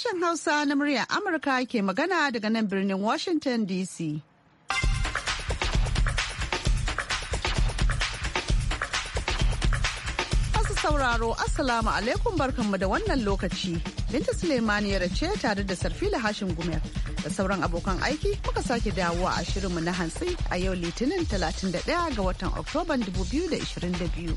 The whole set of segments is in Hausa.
sashen Hausa na muryar Amurka ke magana daga nan birnin Washington DC. Masu sauraro, Assalamu alaikum barkanmu da wannan lokaci. Binta Suleimani ya ce tare da Sarfila Hashim Gumer da sauran abokan aiki muka sake dawo a shirinmu na hansi a yau Litinin 31 ga watan Oktoban 2022.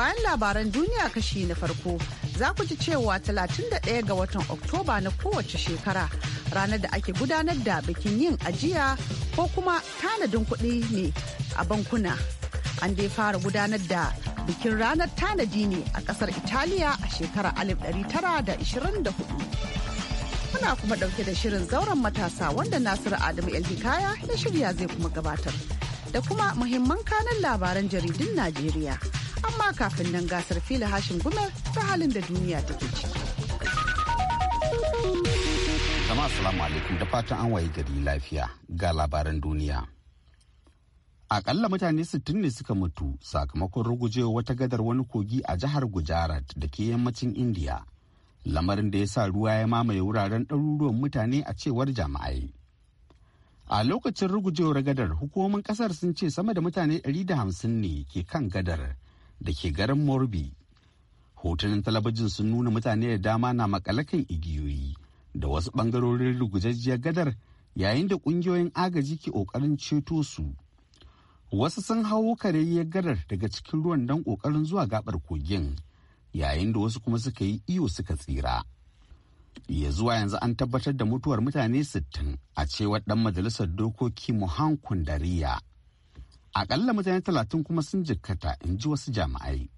Bayan labaran duniya kashi na farko, za ku ji cewa 31 ga watan Oktoba na kowace shekara ranar da ake gudanar da bikin yin ajiya ko kuma tanadin kuɗi ne a bankuna. An dai fara gudanar da bikin ranar tanadi ne a ƙasar Italiya a shekarar 1924. Kuna kuma ɗauke da shirin zauren matasa wanda nasiru adamu elhikaya ya shirya zai kuma gabatar da kuma muhimman kanan labaran jaridun najeriya amma kafin nan gasar fila hashin gumel ta halin da duniya take ciki. Jama'a salamu alaikum da fatan an waye gari lafiya ga labaran duniya. Akalla mutane sittin ne suka mutu sakamakon rugujewa wata gadar wani kogi a jihar Gujarat da ke yammacin Indiya. Lamarin da ya sa ruwa ya mamaye wuraren ɗaruruwan mutane a cewar jama'ai. A lokacin rugujewar gadar hukumomin kasar sun ce sama da mutane 150 ne ke kan gadar da ke garin morbi hotunan talabijin sun nuna mutane da dama na makalakan igiyoyi da wasu bangarorin rugujajjiyar gadar yayin da ƙungiyoyin agaji ke ƙoƙarin ceto su wasu sun hau kareyyar gadar daga cikin ruwan don ƙoƙarin zuwa gaɓar kogin yayin da wasu kuma suka yi iyo suka tsira ya zuwa yanzu an tabbatar da mutuwar mutane sittin. a cewar ɗan majalisar dokoki muhan kundariya akalla mutane talatin kuma sun jikkata in ji wasu jami'ai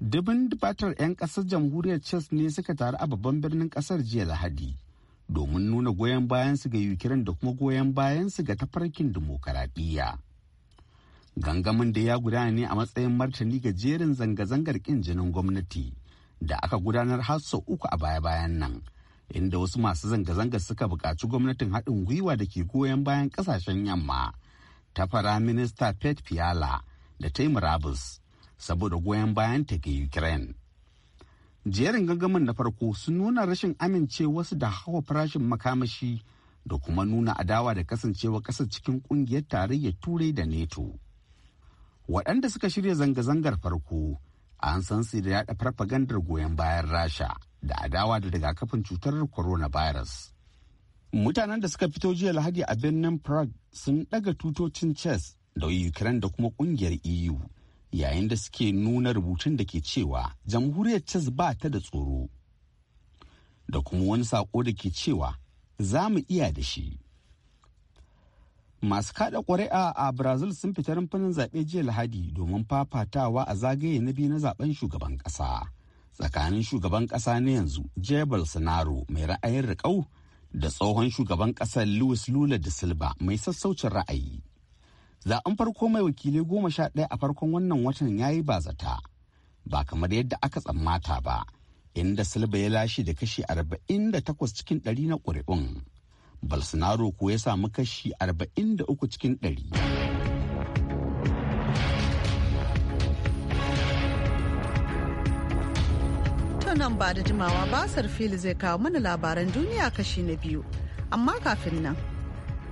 dubin dubatar 'yan kasar jamhuriyar chess ne suka taru a babban birnin kasar jiya lahadi domin nuna goyon bayan su ga ukraine da kuma goyon bayansu ga tafarkin dimokuraɗiyya gangamin da ya gudana ne a matsayin martani ga jerin zanga-zangar kin jinin gwamnati da aka gudanar har sau uku a baya-bayan nan inda wasu masu zanga-zanga suka buƙaci gwamnatin haɗin gwiwa da ke goyon bayan ƙasashen yamma ta fara minista pet fiala da ta yi saboda goyon bayan ta ga ukraine jerin gangamin na farko sun nuna rashin amincewasu da hawa farashin makamashi da kuma nuna adawa da kasancewa ƙasar cikin ƙungiyar tarayyar turai da neto waɗanda suka shirya zanga-zangar farko an san su da yaɗa farfagandar goyon bayan rasha da adawa da rigakafin cutar coronavirus. Mutanen da suka fito jiya Lahadi a birnin Prague sun ɗaga tutocin Chess da Ukraine da kuma kungiyar EU yayin da suke nuna rubutun da ke cewa jamhuriyar Chess ba ta da tsoro. Da kuma wani sako da ke cewa za mu iya da shi. Masu kada ƙuri'a a Brazil sun fita rumfunan zaɓe jiya Lahadi domin fafatawa a zagaye na biyu na zaben shugaban ƙasa. tsakanin shugaban ƙasa na yanzu jebel sanaro mai ra'ayin riƙau da tsohon shugaban ƙasar luis lula da silba mai sassaucin ra'ayi zaben farko mai wakilai goma sha ɗaya a farkon wannan watan ya yi zata ba kamar yadda aka tsammata ba inda silba ya lashe da kashi arba'in da takwas cikin ɗari na ƙuri'un bolsonaro ko ya samu kashi arba'in da uku cikin ɗari. Yau nan ba da jimawa basar fili zai kawo mana labaran duniya kashi na biyu. Amma kafin nan,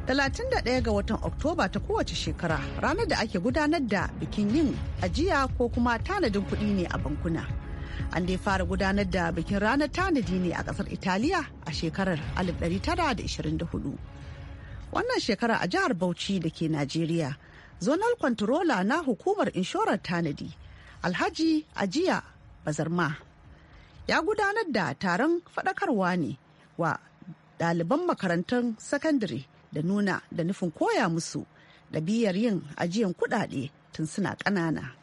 31 ga watan Oktoba ta kowace shekara ranar da ake gudanar da bikin yin ajiya ko kuma tanadin kuɗi ne a bankuna. An dai fara gudanar da bikin ranar tanadi ne a ƙasar Italiya a shekarar 1924. Wannan shekara a jihar Bauchi da ke Najeriya, zonal kwantarola na hukumar inshorar tanadi, Alhaji Ajiya Bazarma ya gudanar da taron faɗakarwa ne wa ɗaliban makarantar sakandare da nuna da nufin koya musu ɗabiyar yin ajiyan kuɗaɗe tun suna ƙanana.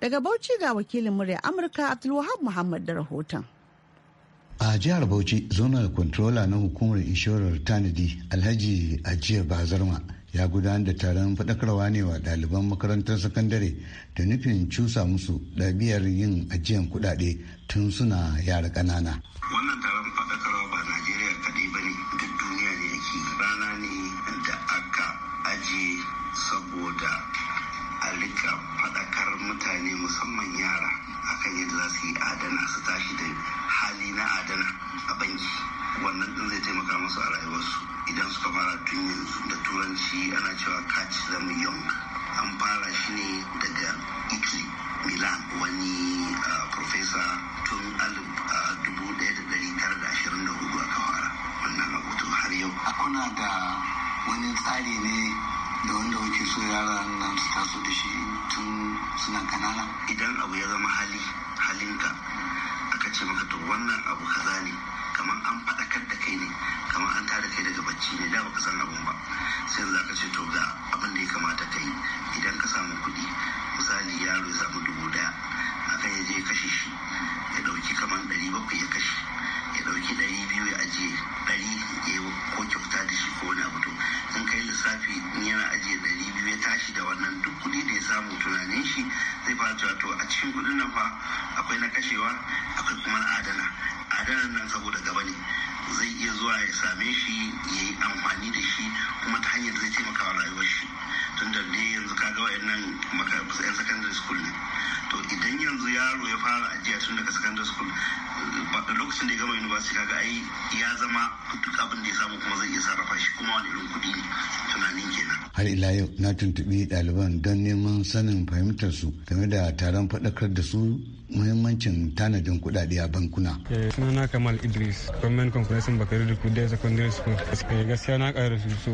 Daga Bauchi ga wakilin murya Amurka Abdulwahab Muhammad da rahoton. a jihar bauchi zonar controller na hukumar inshorar tanadi alhaji ajiyar bazarma ya gudanar da taron faɗakarwa ne wa ɗaliban makarantar sakandare da nufin cusa musu ɗabiyar yin ajiyar kuɗaɗe tun suna yara ƙanana. Wannan taron faɗakarwa ba Najeriya kaɗai ba ne duk duniya ne yake rana ne da aka ajiye saboda alika faɗakar mutane musamman yara akan yadda za su yi adana su tashi da hali na adana a banki wannan ɗin zai taimaka musu a rayuwarsu. yanzu da turanci ana cewa catch them young an fara shi ne daga italy milan wani ah, profesa tun 1924 a kawara wannan rahoton har yau kuna da wani tsari ne da wanda kuke so yara nan su taso da shi tun suna kanana idan abu ya zama hali halinka aka ce maka to wannan abu kaza ne kamar an faɗakar da kai ne kamar an tada kai daga bacci ne da baka san abin ba sai za ka ce to ga abin da ya kamata ka yi idan ka samu kuɗi misali yaro ya samu dubu daya yaje ya kashe shi ya ɗauki kamar ɗari bakwai ya kashe ya ɗauki ɗari biyu ya ajiye ɗari ya ko kyauta da shi ko wani abu to in kai lissafi in yana ajiye ɗari biyu ya tashi da wannan duk kuɗi da ya samu tunanin shi zai fara cewa to a cikin kuɗin nan fa akwai na kashewa akwai kuma na adana hadarin nan saboda gaba ne zai iya zuwa ya same shi ya yi amfani da shi kuma ta hanyar zai taimaka wa rayuwar shi tun da ne yanzu ka ga nan yan secondary school ne to idan yanzu yaro ya fara ajiya tun daga secondary school lokacin da ya gama university kaga ai ya zama duk abin da ya samu kuma zai iya sarrafa shi kuma wani irin kuɗi tunanin kenan har ila yau na tuntuɓi ɗaliban don neman sanin fahimtar su game da taron faɗakar da su muhimmancin tanadin kudade a bankuna. Eh, sunana kamal idris government conferencing bakari da kudai secondary school eh, gaskiya na ƙara su so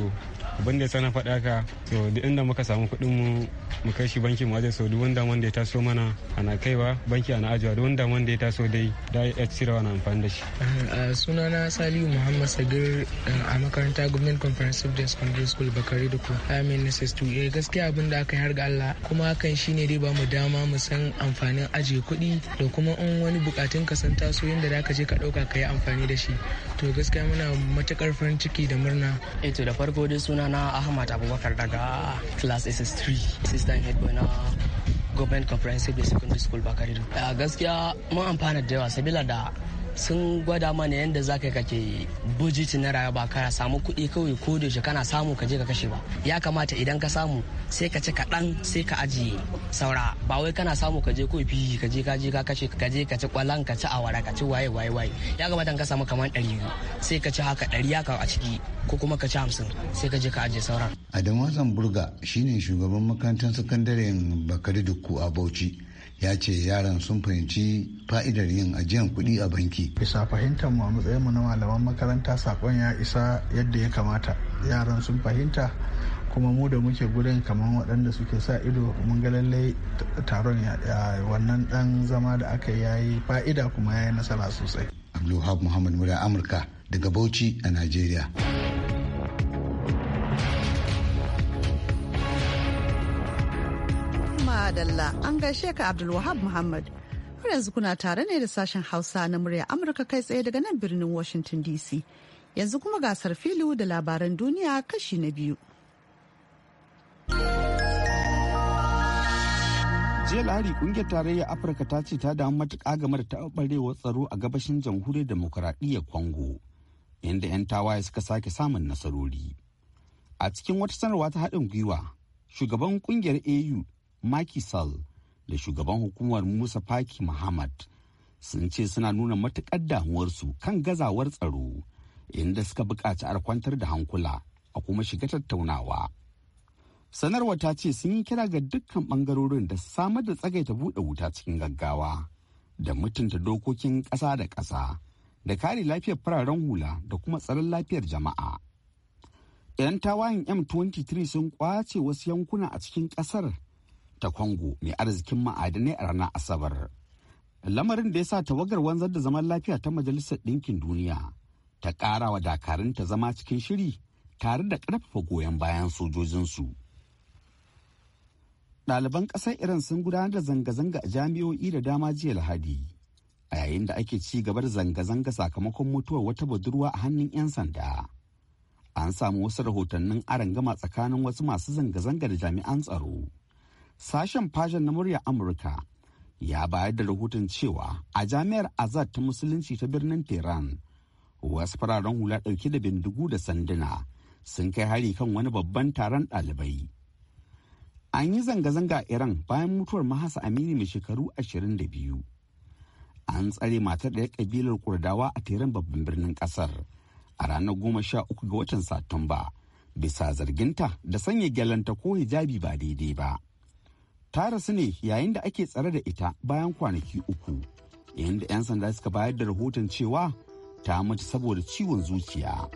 abin da ya sana faɗa ka so duk inda muka samu kuɗin mu mu kai shi banki mu so duk wanda wanda ya taso mana ana kaiwa banki ana ajiwa duk wanda wanda ya taso dai da ya cire wani amfani da shi. Eh, sunana saliu muhammad sagir a makaranta Conference of the secondary school bakari da ku amin gaskiya abin da aka yi har ga allah kuma hakan shine dai ba mu dama mu san amfanin ajiye kuɗi da kuma in wani bukatun ka san taso yadda za ka je ka ɗauka ka yi amfani da shi to gaskiya muna matukar farin ciki da murna eh to da farko dai suna na ahmad abubakar daga class ss3 assistant head boy na government comprehensive secondary school Da ah, gaskiya mun amfana da yawa sabila da sun gwada mana yadda za ka kake bujiti na rayuwa ba ka samu kuɗi kawai ko da kana samu ka je ka kashe ba ya kamata idan ka samu sai ka ci kaɗan sai ka ajiye saura ba wai kana samu ka je kawai fi ka je ka je ka kashe ka je ka ci kwalan ka ci awara ka ci waye waye waye ya kamata ka samu kamar ɗari biyu sai ka ci haka ɗari ya a ciki ko kuma ka ci hamsin sai ka je ka ajiye sauran. Adamu Hassan Burga shine shugaban makarantar sakandaren Bakari Dukku a Bauchi. ya ce yaran sun fahimci fa'idar yin ajiyan kuɗi a banki. Bisa fahimtar mu a matsayin mu na malaman makaranta sakon ya isa yadda ya kamata. Yaran sun fahimta kuma mu da muke gudun kamar waɗanda suke sa ido mun ga lallai taron wannan ɗan zama da aka yi yayi fa'ida kuma ya yi nasara sosai. Abdulhab Muhammad Mura Amurka daga Bauchi a Najeriya. Dalla, an gaishe ka Abdulwahab Muhammad. Har yanzu kuna tare ne da sashen Hausa na murya Amurka kai tsaye daga nan birnin Washington DC. Yanzu kuma gasar filu da labaran duniya kashi na biyu. jiya lahari kungiyar tarayyar afirka ta ce ta damu matuƙa game da taɓarɓarewar tsaro a gabashin jamhuriyar demokuraɗiyyar congo inda 'yan tawaye suka sake samun nasarori a cikin wata sanarwa ta haɗin gwiwa shugaban kungiyar au Macky Sall da shugaban hukumar Musa Faki Muhammad sun ce suna nuna matuƙar damuwarsu kan gazawar tsaro inda suka buƙaci a kwantar da hankula a kuma shiga tattaunawa. Sanarwa ta ce sun yi kira ga dukkan bangarorin da samar da tsagaita buɗe wuta cikin gaggawa da mutunta dokokin ƙasa da ƙasa da kare lafiyar fararen hula da kuma tsaron lafiyar jama'a. 'Yan tawayen M23 sun kwace wasu yankuna a cikin ƙasar ta Congo mai arzikin ma'adanai a ranar Asabar. Lamarin da ya sa tawagar wanzar da zaman lafiya ta Majalisar Ɗinkin Duniya ta ƙara wa dakarun ta zama cikin shiri tare da ƙarfafa goyon bayan sojojinsu. Ɗaliban ƙasar Iran sun gudanar da zanga-zanga a jami'o'i da dama jiya Lahadi, a yayin da ake ci gaba da zanga-zanga sakamakon mutuwar wata budurwa a hannun 'yan sanda. An samu wasu rahotannin gama tsakanin wasu masu zanga-zanga da jami'an tsaro. Sashen fashin na murya Amurka ya bayar da rahoton cewa a jami'ar Azad ta Musulunci ta birnin Tehran wasu fararen hula ɗauke da bindigu da sanduna sun kai hari kan wani babban taron ɗalibai. An yi zanga-zanga Iran bayan mutuwar mahasa Amini mai shekaru 22. An tsare matar da kabilar Kurdawa a Tehran babban birnin ƙasar a ranar goma sha uku ga watan Satumba bisa zarginta da sanya gyalanta ko hijabi ba daidai ba. ta rasu ne yayin da ake tsare da ita bayan kwanaki uku yayin 'yan sanda suka bayar da rahoton cewa ta mutu saboda ciwon zuciya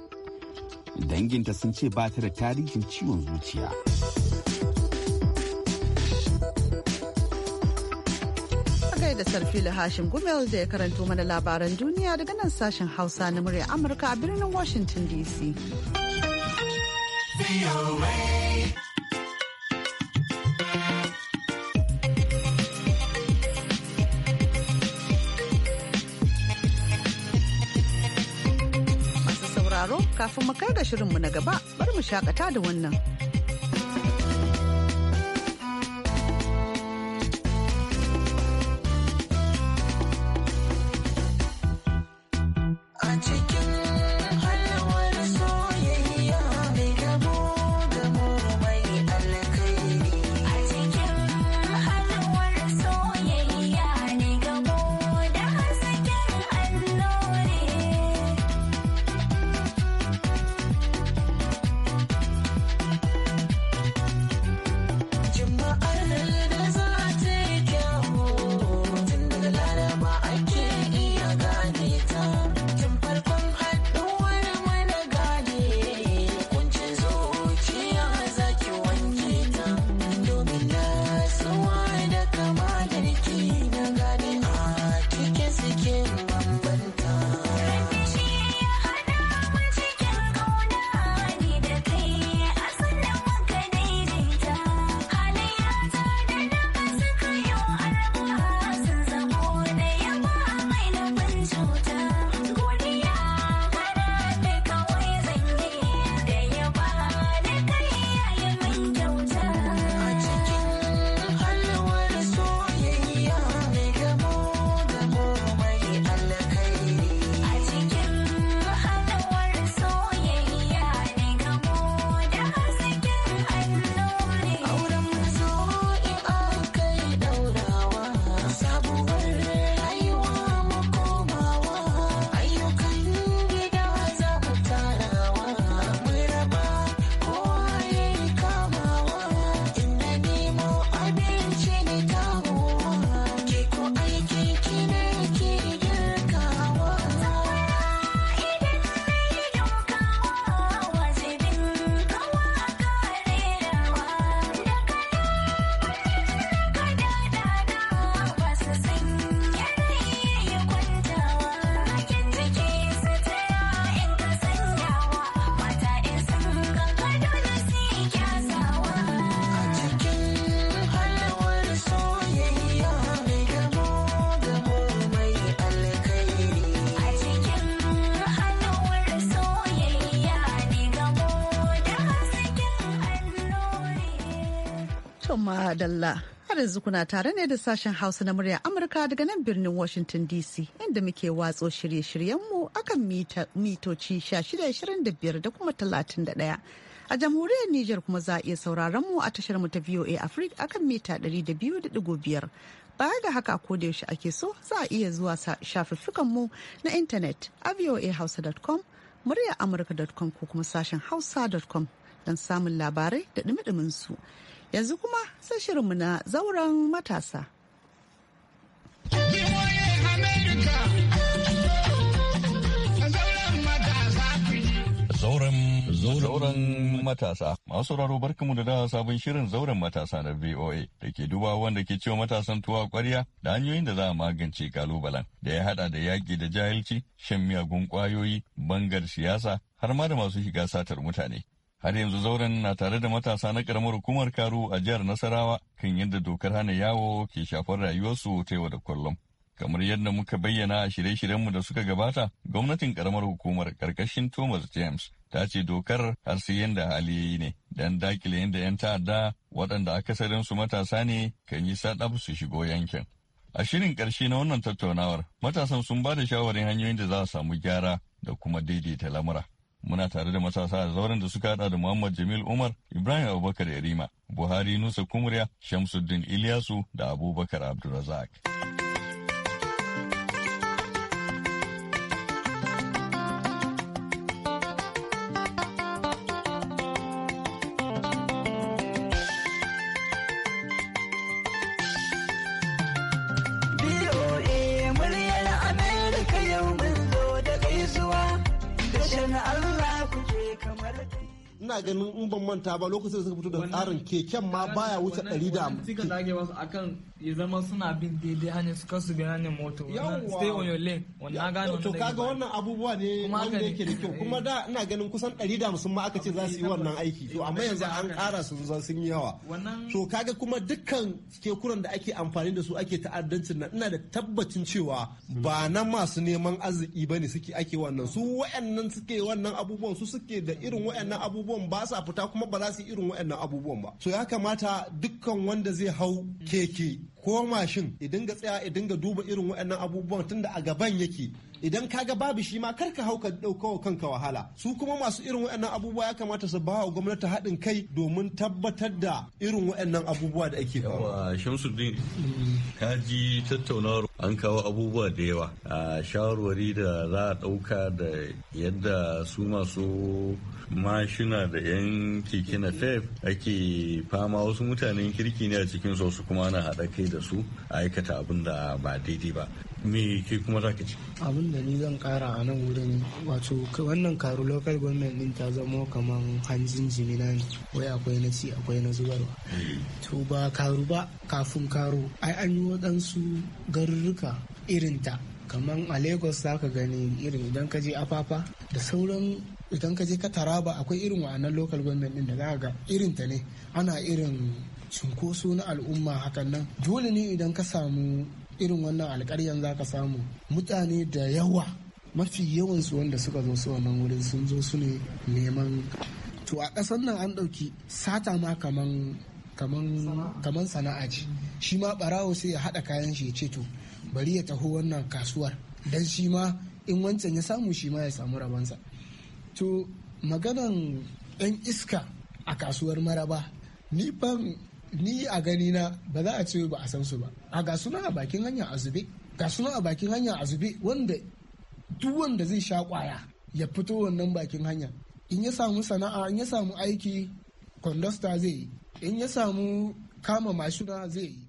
danginta sun ce ba ta da tarihin ciwon zuciya da sarfila hashim gumel da ya karanto mana labaran duniya daga nan sashen hausa na murya amurka a birnin washington dc kafin mu kai ga shirinmu na gaba bari mu shakata da wannan. dalla Har yanzu kuna tare ne da sashen Hausa na murya Amurka daga nan birnin Washington DC inda muke watso shirye-shiryenmu akan mitoci 1625 da kuma 31. A jamhuriyar Nijar kuma za a iya sauraron mu a tashar mu ta VOA Africa akan mita 200.5. Baya ga haka ko da yaushe ake so za a iya zuwa shafuffukan mu na intanet a voahausa.com, murya amurka.com ko kuma sashen hausa.com don samun labarai da dumi su. Yanzu kuma sai shirinmu na zauren matasa. Zauren matasa. Masu raro barkamu da dawa sabon shirin zauren matasa na VOA da ke duba wanda ke ciwo matasan tuwa kwarya da hanyoyin da za a magance kalubalen da ya hada da yaƙi da jahilci, shan miyagun ƙwayoyi, bangar siyasa, har ma da masu shiga satar mutane. har yanzu zauren na tare da matasa na karamar hukumar karu a jihar nasarawa kan yadda dokar hana yawo ke shafar rayuwarsu ta yau da kullum kamar yadda muka bayyana a shirye-shiryenmu da suka gabata gwamnatin karamar hukumar karkashin thomas james ta ce dokar har sai yadda hali ya ne don dakile yadda 'yan ta'adda waɗanda akasarinsu matasa ne kan yi sadab su shigo yankin a shirin ƙarshe na wannan tattaunawar matasan sun ba da shawarin hanyoyin da za a samu gyara da kuma daidaita lamura muna tare da matasa a zauren da suka hada da Muhammad Jamil Umar, Ibrahim Abubakar Yarima, Buhari Nusa Kumriya, Shamsuddin Ilyasu da Abubakar Abdulrazak. ganin in ban manta ba lokacin da suka fito da tsarin keken ma baya wuce ɗari da hamsin. Suka zage wasu akan ya zama suna bin daidai hanyar su kasu bi hanyar moto. Yawwa. Stay on your lane. Wannan gano To kaga wannan abubuwa ne wanda yake da kyau kuma eh. da ina ganin kusan ɗari da hamsin ma aka ce za su yi eh, wannan aiki. To eh, amma yanzu an ƙara su zuwa sun yi yawa. To kaga kuma dukkan kekunan da ake amfani da su ake ta'addancin nan ina da tabbacin cewa ba na masu neman arziki ba ne suke ake wannan su wa'annan suke wannan abubuwan su suke da irin wa'annan abubuwan ba sa fita kuma ba za su irin waɗannan abubuwan ba so ya kamata dukkan wanda zai hau keke ko mashin idan ga tsaya idan ga duba irin waɗannan abubuwan tunda a gaban yake idan ka ga babu shi ma kar ka hauka daukawa kanka wahala su kuma masu irin waɗannan abubuwa ya kamata su ba wa gwamnati haɗin kai domin tabbatar da irin waɗannan abubuwa da ake kawo Shamsuddin ka ji tattaunawar an kawo abubuwa da yawa a shawarwari da za a ɗauka da yadda su masu mashina da 'yan keke na fef e ake fama wasu mutanen kirki ne a cikin su kuma ana haɗa kai da su aikata abin da ba daidai ba me ke kuma za ka ci abin da ni zan kara a nan wurin wato wannan karu local government din ta zama kamar hanjin jimina ne wai akwai na ci akwai na zubarwa to ba karu ba kafin karu ai an yi waɗansu garurruka irinta kamar a lagos za ka gani irin idan ka je afafa da sauran idan ka je ka taraba akwai irin wa'annan local government din da za ga irin ta ne ana irin cunkoso na al'umma hakan nan dole ne idan ka samu irin wannan alkaryan za ka samu mutane da yawa mafi yawansu wanda suka zo su wannan wurin sun zo su ne neman to a ƙasar nan an ɗauki sata ma kaman sana'a ce shi ma ɓarawo sai ya haɗa kayan shi ya ce to bari ya taho wannan kasuwar don shi ma in wancan ya samu shi ma ya samu rabansa to maganan ɗan iska a kasuwar maraba ni ban ni a gani na ba za a ce ba a san su ba a ga suna a bakin hanya a zube ga suna a bakin hanya a zube wanda duk wanda zai sha kwaya ya fito wannan bakin hanya in ya samu sana'a in ya samu aiki kondosta zai yi in ya samu kama mashina zai yi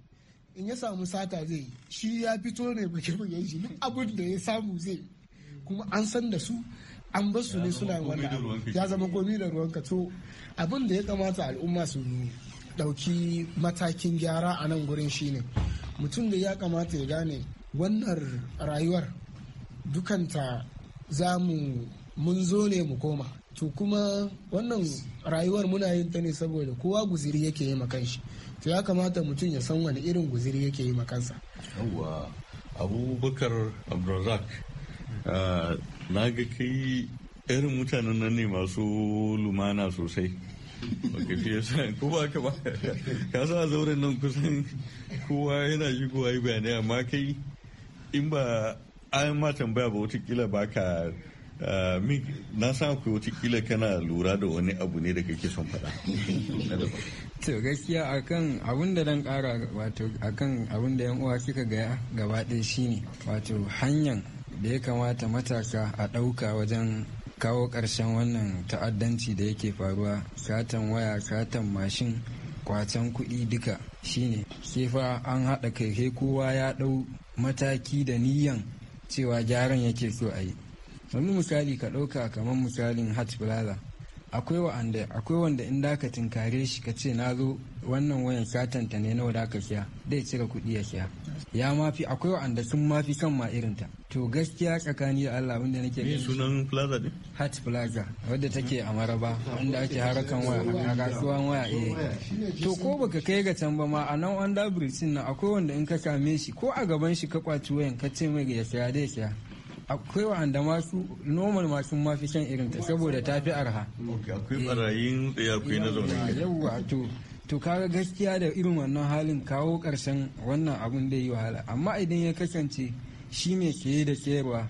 in ya samu sata zai yi shi ya fito ne bakin shi abin da ya samu zai kuma an san da su an bar su ne suna wani ya zama komi da ruwanka to abin da ya kamata al'umma su nuna ɗauki matakin gyara a nan gurin shine mutum da ya kamata ya gane wannan rayuwar dukanta za mu mun zo ne mu koma to kuma wannan rayuwar muna yin ta ne saboda kowa guziri yake yi makanshi to ya kamata mutum ya san wani irin guziri yake yi makansa. yawwa abubakar abdulrazak na ga kai irin mutanen nan ne masu lumana sosai Okay, fiye yasa ko ba ka ba ka sa a zauren nan kusan kowa yana kowa yi bayanai amma kai in ba an ma tambaya ba watakila ba ka ah, na san akwai watakila kana lura da wani abu ne da kake son faɗa to gaskiya akan abun da dan kara wato akan abun da yan uwa kika ga gaba ɗaya shine wato hanyan da ya kamata matasa a ɗauka wajen kawo ƙarshen wannan ta'addanci da yake faruwa satan waya satan mashin kwacen kuɗi duka shine sai fa an haɗa kai kai kowa ya ɗau mataki da niyan cewa gyaran yake so a yi wani misali ka ɗauka kamar misalin hajj plaza akwai wa'anda akwai wanda in da ka tinkare shi ka ce na zo wannan wayan satanta ne nawa da ka siya dai cire kuɗi ya siya ya mafi akwai wa'anda sun mafi kan ma irinta to gaskiya tsakani da Allah abinda nake gani sunan plaza ne hat plaza wadda take a maraba wanda ake harakan waya a kasuwan waya eh to ko baka kai ga can ba ma a nan wanda bridge na akwai wanda in ka same shi ko a gaban shi ka kwaci wayan ka ce mai ya siya dai siya akwai wa'anda masu normal masu mafi shan irin ta saboda ta fi arha akwai barayin tsaye akwai na zaune yawwa to to kaga gaskiya da irin wannan halin kawo karshen wannan abun da yi wahala amma idan ya kasance shi mai saye da sayarwa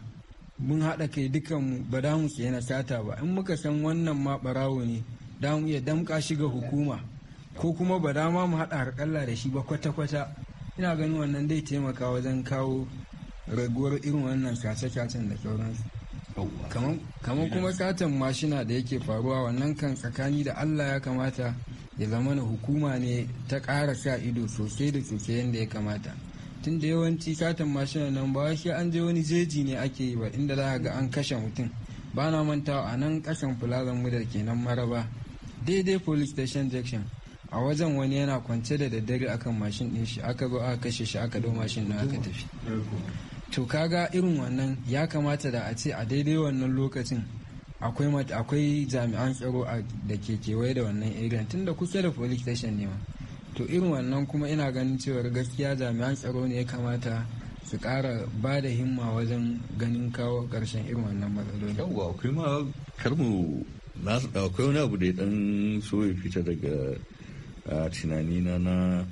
mun haɗa kai dukanmu ba da mu sayi na sata ba in muka san wannan ma barawo ne da mu iya damƙa shi ga hukuma ko kuma ba da ma mu haɗa harƙalla da shi ba kwata-kwata ina ganin wannan dai taimaka wajen kawo raguwar irin wannan kace-kacen da sauransu kamar kuma katon mashina da yake faruwa wannan kan tsakani da allah ya kamata ya zama na hukuma ne ta kara sa ido sosai da sosai yadda ya kamata tun da yawanci katon mashina nan ba shi an je wani jeji ne ake yi ba inda za ga an kashe mutum ba na mantawa a nan ƙasan fulazan mu da nan maraba daidai police station junction a wajen wani yana kwance da daddare akan mashin ɗin shi aka zo aka kashe shi aka dau mashin na aka tafi to kaga irin wannan ya kamata da a ce a daidai wannan lokacin akwai akwai jami'an tsaro da ke kewaye da wannan area tunda kusa da police station ne ma to irin wannan kuma ina ganin cewa gaskiya jami'an tsaro ne ya kamata su kara ba da himma wajen ganin kawo karshen irin wannan matsaloli yawwa akwai ma karmu akwai wani abu da ya dan so ya fita daga tunanina na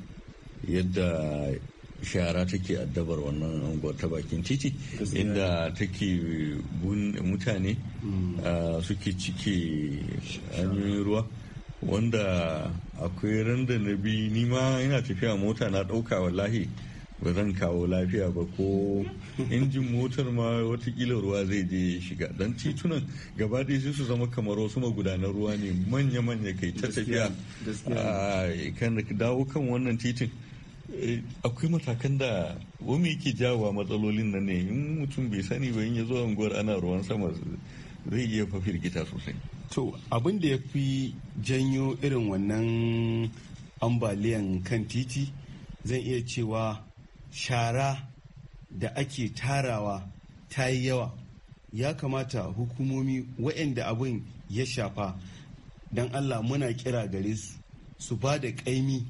yadda shara take addabar wannan unguwar ta bakin titi inda take mutane mm. ah, suke cike hanyoyin ruwa wanda akwai randa na bi nima yana tafiya mota na ɗauka wallahi ba zan kawo lafiya ba ko injin motar ma watakila ruwa zai je shiga dan titunan gaba ɗaya sai su zama kamar wasu magudanan ruwa ne manya-manya kai ta tafiya kan dawo kan wannan titin Eh, akwai matakan da wani yake jawa matsalolin nan ne in mutum bai sani ba in ya zo unguwar ana ruwan sama zai iya fa firgita sosai to abin da ya fi janyo irin wannan ambaliyan kan titi zan iya cewa shara da ake tarawa ta yi yawa ya kamata hukumomi waɗanda abin ya shafa don allah muna kira gare su su ba da ƙaimi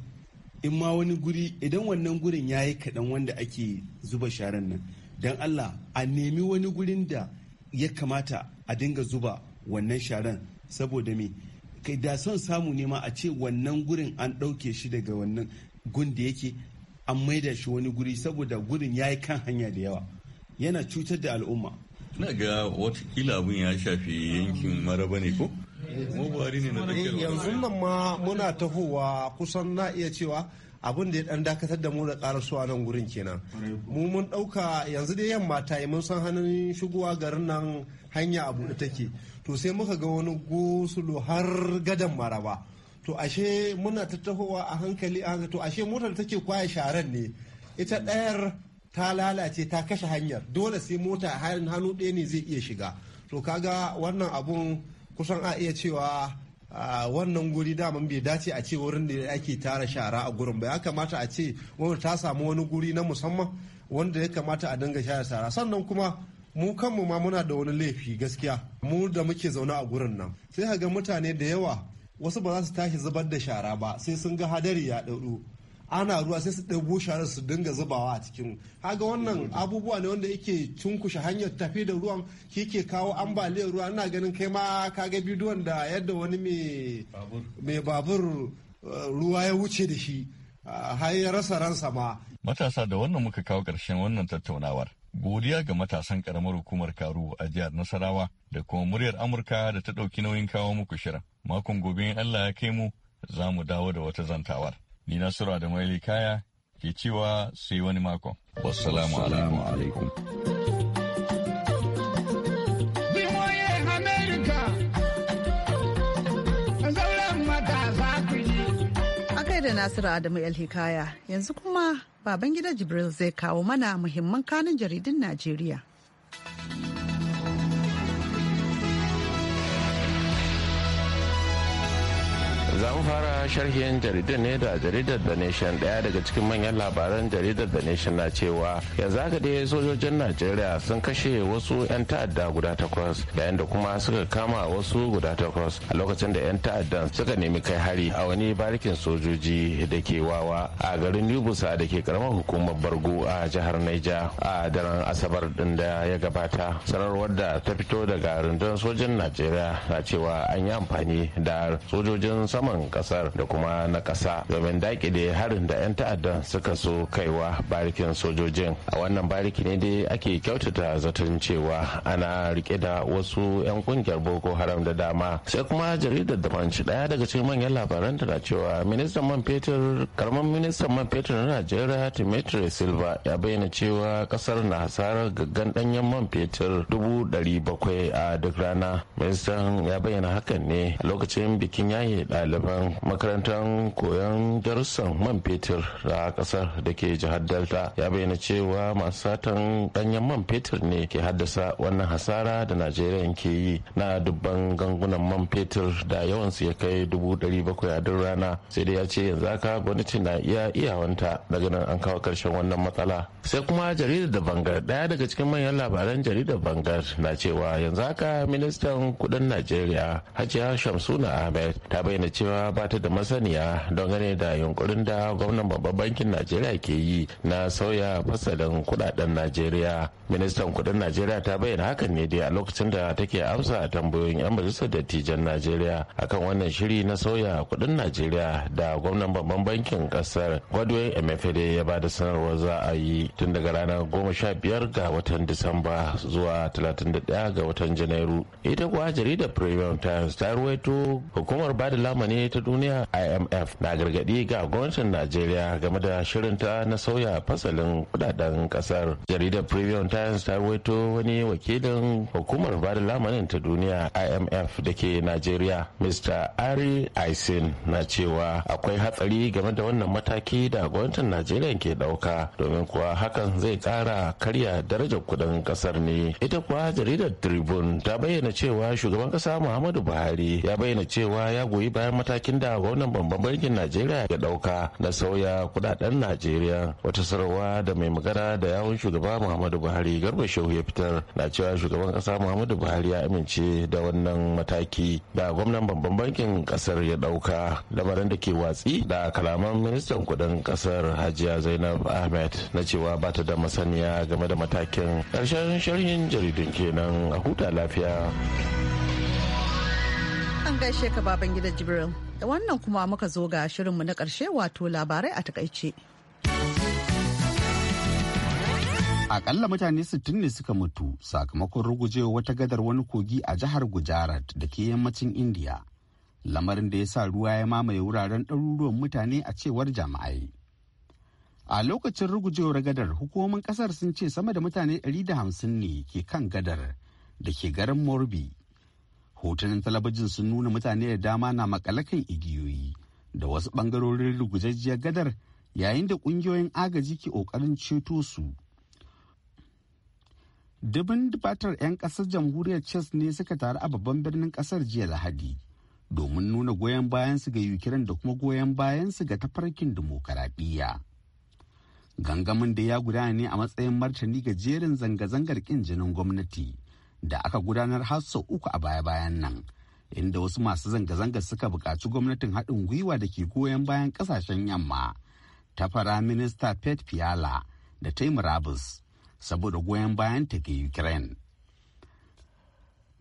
in ma wani guri idan wannan gurin ya yi kaɗan wanda ake zuba sharan nan don allah a nemi wani gurin da ya kamata a dinga zuba wannan sharan saboda me kai da son samu ne ma a ce wannan gurin an ɗauke shi daga wannan gun da yake an maida shi wani guri saboda gurin ya yi kan hanya da yawa yana cutar da al'umma na ga watakila abin ya shafi yankin maraba ne ko Eh, yanzu nan ma muna tahowa kusan na iya cewa abin da ya dan dakatar da mu da karasuwa nan gurin kenan mu mun dauka yanzu dai yamma ta yi mun san hannun shigowa garin nan hanya abu buɗe take to sai muka ga wani gosulo har gadan maraba to ashe muna tattahowa a hankali a to ashe motar take kwaya sharan ne ita ɗayar ta lalace ta kashe hanyar dole sai mota hannu ɗaya ne zai iya shiga to kaga wannan abun kusan a iya cewa wannan guri dama bai dace a ce wurin da ake tara shara a gurin ba ya kamata a ce wani ta samu wani guri na musamman wanda ya kamata a dinga share shara sannan kuma mu kanmu ma muna da wani laifi gaskiya mu da muke zaune a gurin nan sai ga mutane da yawa wasu ba za su tashi zubar da shara ba sai sun ga hadari ya ɗauɗo. ana ruwa sai su ɗabo sharar su dinga zubawa a cikin haga wannan abubuwa ne wanda yake cunkushe hanyar tafi da ruwan kike kawo ambaliyar ruwa ina ganin kai ma ka ga bidiyon da yadda wani mai babur uh, ruwa ya wuce da shi uh, har ya rasa ransa ma matasa da wannan muka kawo karshen wannan tattaunawar godiya ga matasan karamar hukumar karu a jihar nasarawa da kuma muryar amurka da ta ɗauki nauyin kawo muku shirin makon gobe in allah ya kai mu za mu dawo da wata zantawar Ni Nasiru da Maili Kaya ke cewa sai wani mako. Wassalamu alaikum. da Nasiru Adamu Hikaya yanzu kuma babangida Jibril zai kawo mana muhimman kanin jaridun Najeriya. za mu fara sharhin jaridar ne da jaridar the nation daya daga cikin manyan labaran jaridar the nation na cewa yanzu aka dai sojojin najeriya sun kashe wasu 'yan ta'adda guda takwas yayin da kuma suka kama wasu guda takwas a lokacin da 'yan ta'addan suka nemi kai hari a wani barikin sojoji da ke wawa a garin yubusa da ke karamar hukumar bargo a jihar naija a daren asabar din da ya gabata sanarwar da ta fito daga rundunar sojin najeriya na cewa an yi amfani da sojojin sama musamman kasar da kuma na kasa domin dakile harin da 'yan ta'addan suka so kaiwa barikin sojojin a wannan bariki ne dai ake kyautata zaton cewa ana rike da wasu 'yan kungiyar boko haram da dama sai kuma jaridar da manci daya daga cikin manyan labaran da cewa ministan man fetur karamin ministan man fetur na najeriya timetri silva ya bayyana cewa kasar na hasarar gaggan danyen man fetur dubu dari bakwai a duk rana ministan ya bayyana hakan ne a lokacin bikin yaye ɗalibai shugaban makarantar koyon darussan man fetur a kasar da ke jihar delta ya bayyana cewa masu satan danyen man fetur ne ke haddasa wannan hasara da najeriya ke yi na dubban gangunan man fetur da yawansu ya kai dubu dari bakwai a duk rana sai dai ya ce yanzu haka gwamnati na iya iyawanta daga nan an kawo karshen wannan matsala sai kuma jaridar da bangar daya daga cikin manyan labaran jaridar bangar na cewa yanzu haka ministan kudin najeriya hajiya shamsuna ahmed ta bayyana cewa cewa ba ta da masaniya don gane da yunkurin da gwamnan babban bankin najeriya ke yi na sauya fasalin kudaden najeriya ministan kudin najeriya ta bayyana hakan ne dai a lokacin da take amsa tambayoyin yan majalisar dattijan najeriya akan wannan shiri na sauya kudin najeriya da gwamnan babban bankin kasar godwin emefede ya ba da sanarwar za a yi tun daga ranar goma sha biyar ga watan disamba zuwa talatin da ɗaya ga watan janairu ita kuwa jaridar premium times ta ruwaito hukumar bada lamani mutane ta duniya imf na gargadi ga gwamnatin najeriya game da shirinta na sauya fasalin kudaden kasar jaridar premium times ta waito wani wakilin hukumar bada lamarin ta duniya imf da ke najeriya mr ari aisin na cewa akwai hatsari game da wannan mataki da gwamnatin najeriya ke dauka domin kuwa hakan zai kara karya darajar kudin kasar ne ita kuwa jaridar tribune ta bayyana cewa shugaban kasa muhammadu buhari ya bayyana cewa ya goyi bayan mata matakin da gwamnan babban bankin najeriya ya dauka na sauya kudaden najeriya wata sarwa da mai magana da yawon shugaba muhammadu buhari garba shehu ya fitar na cewa shugaban kasa muhammadu buhari ya amince da wannan mataki da gwamnan babban bankin kasar ya dauka lamarin da ke watsi da kalaman ministan kudin kasar hajiya zainab ahmed na cewa ba ta da masaniya game da matakin karshen sharhin jaridun kenan a huta lafiya. An gaishe ka baban gida Jibril. Da wannan kuma muka zo ga shirinmu na karshe wato labarai a takaice. Akalla mutane 60 ne suka mutu sakamakon rugujewa wata gadar wani kogi a jihar Gujarat da ke yammacin Indiya. Lamarin da ya sa ruwa ya mamaye wuraren ɗaruruwan mutane a cewar jama'ai. A lokacin rugujewar gadar hukumomin ƙasar sun ce sama da mutane 150 ne ke kan gadar da ke garin Morbi hotunan talabijin sun nuna mutane da dama na makalakan igiyoyi da wasu bangarorin rugujajjiyar gadar yayin da kungiyoyin agaji ke kokarin ceto su dubin dubatar 'yan kasar jamhuriyar chess ne suka taru a babban birnin kasar jiya lahadi domin nuna goyon bayansu ga ukraine da kuma goyon bayansu ga tafarkin dimokuraɗiyya gangamin da ya gudana ne a matsayin martani ga jerin zanga-zangar kin jinin gwamnati da aka gudanar har sau uku a baya-bayan nan inda wasu masu zanga-zanga suka buƙaci gwamnatin haɗin gwiwa da ke goyon bayan ƙasashen yamma ta fara minista pet fiala da ta yi saboda goyon bayan ta ga ukraine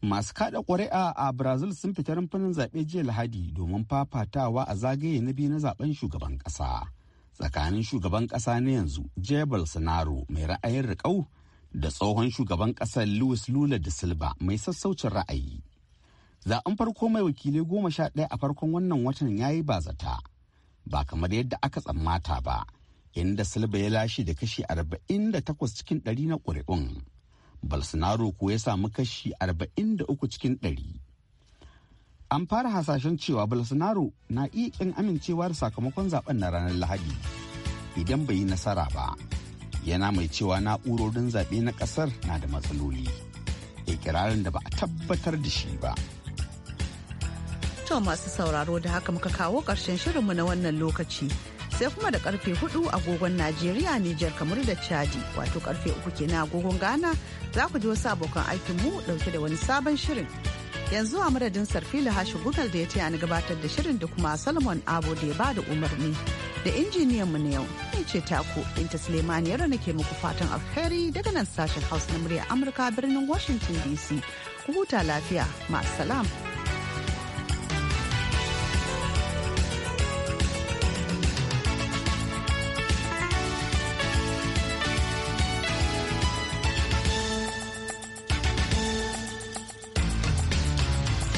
masu kada ƙuri'a a brazil sun fita rumfunan zaɓe jiya lahadi domin fafatawa a zagaye na biyu na zaben shugaban ƙasa tsakanin shugaban ƙasa na yanzu jair bolsonaro mai ra'ayin riƙau da tsohon shugaban ƙasar louis Lula da Silva mai sassaucin ra'ayi. Zaben farko mai wakilai goma sha ɗaya a farkon wannan watan ya yi bazata, ba kamar yadda aka tsammata ba, inda Silva ya lashe da kashi arba'in da takwas cikin ɗari na ƙuri'un. Bolsonaro ko ya samu kashi arba'in da uku cikin ɗari. An fara hasashen cewa Bolsonaro na iya ƙin amincewa da sakamakon zaben na ranar Lahadi idan bai yi nasara ba. yana mai cewa na'urorin zaɓe na ƙasar na da matsaloli ikirarin da ba a tabbatar da shi ba to masu sauraro da haka muka kawo ƙarshen shirinmu na wannan lokaci sai kuma da karfe 4 agogon najeriya nijar kamar da chadi wato karfe 3 kenan agogon ghana za ku ji wasu abokan aikinmu dauke da wani sabon shirin yanzu a madadin sarfila hashi google da ya taya ni gabatar da shirin da kuma solomon abu da ya bada umarni da injiniyan mu na yau ne ce taku inta sulemani yaro nake muku fatan alheri daga nan sashen hausa na murya amurka birnin washington dc ku huta lafiya ma'asalam. salam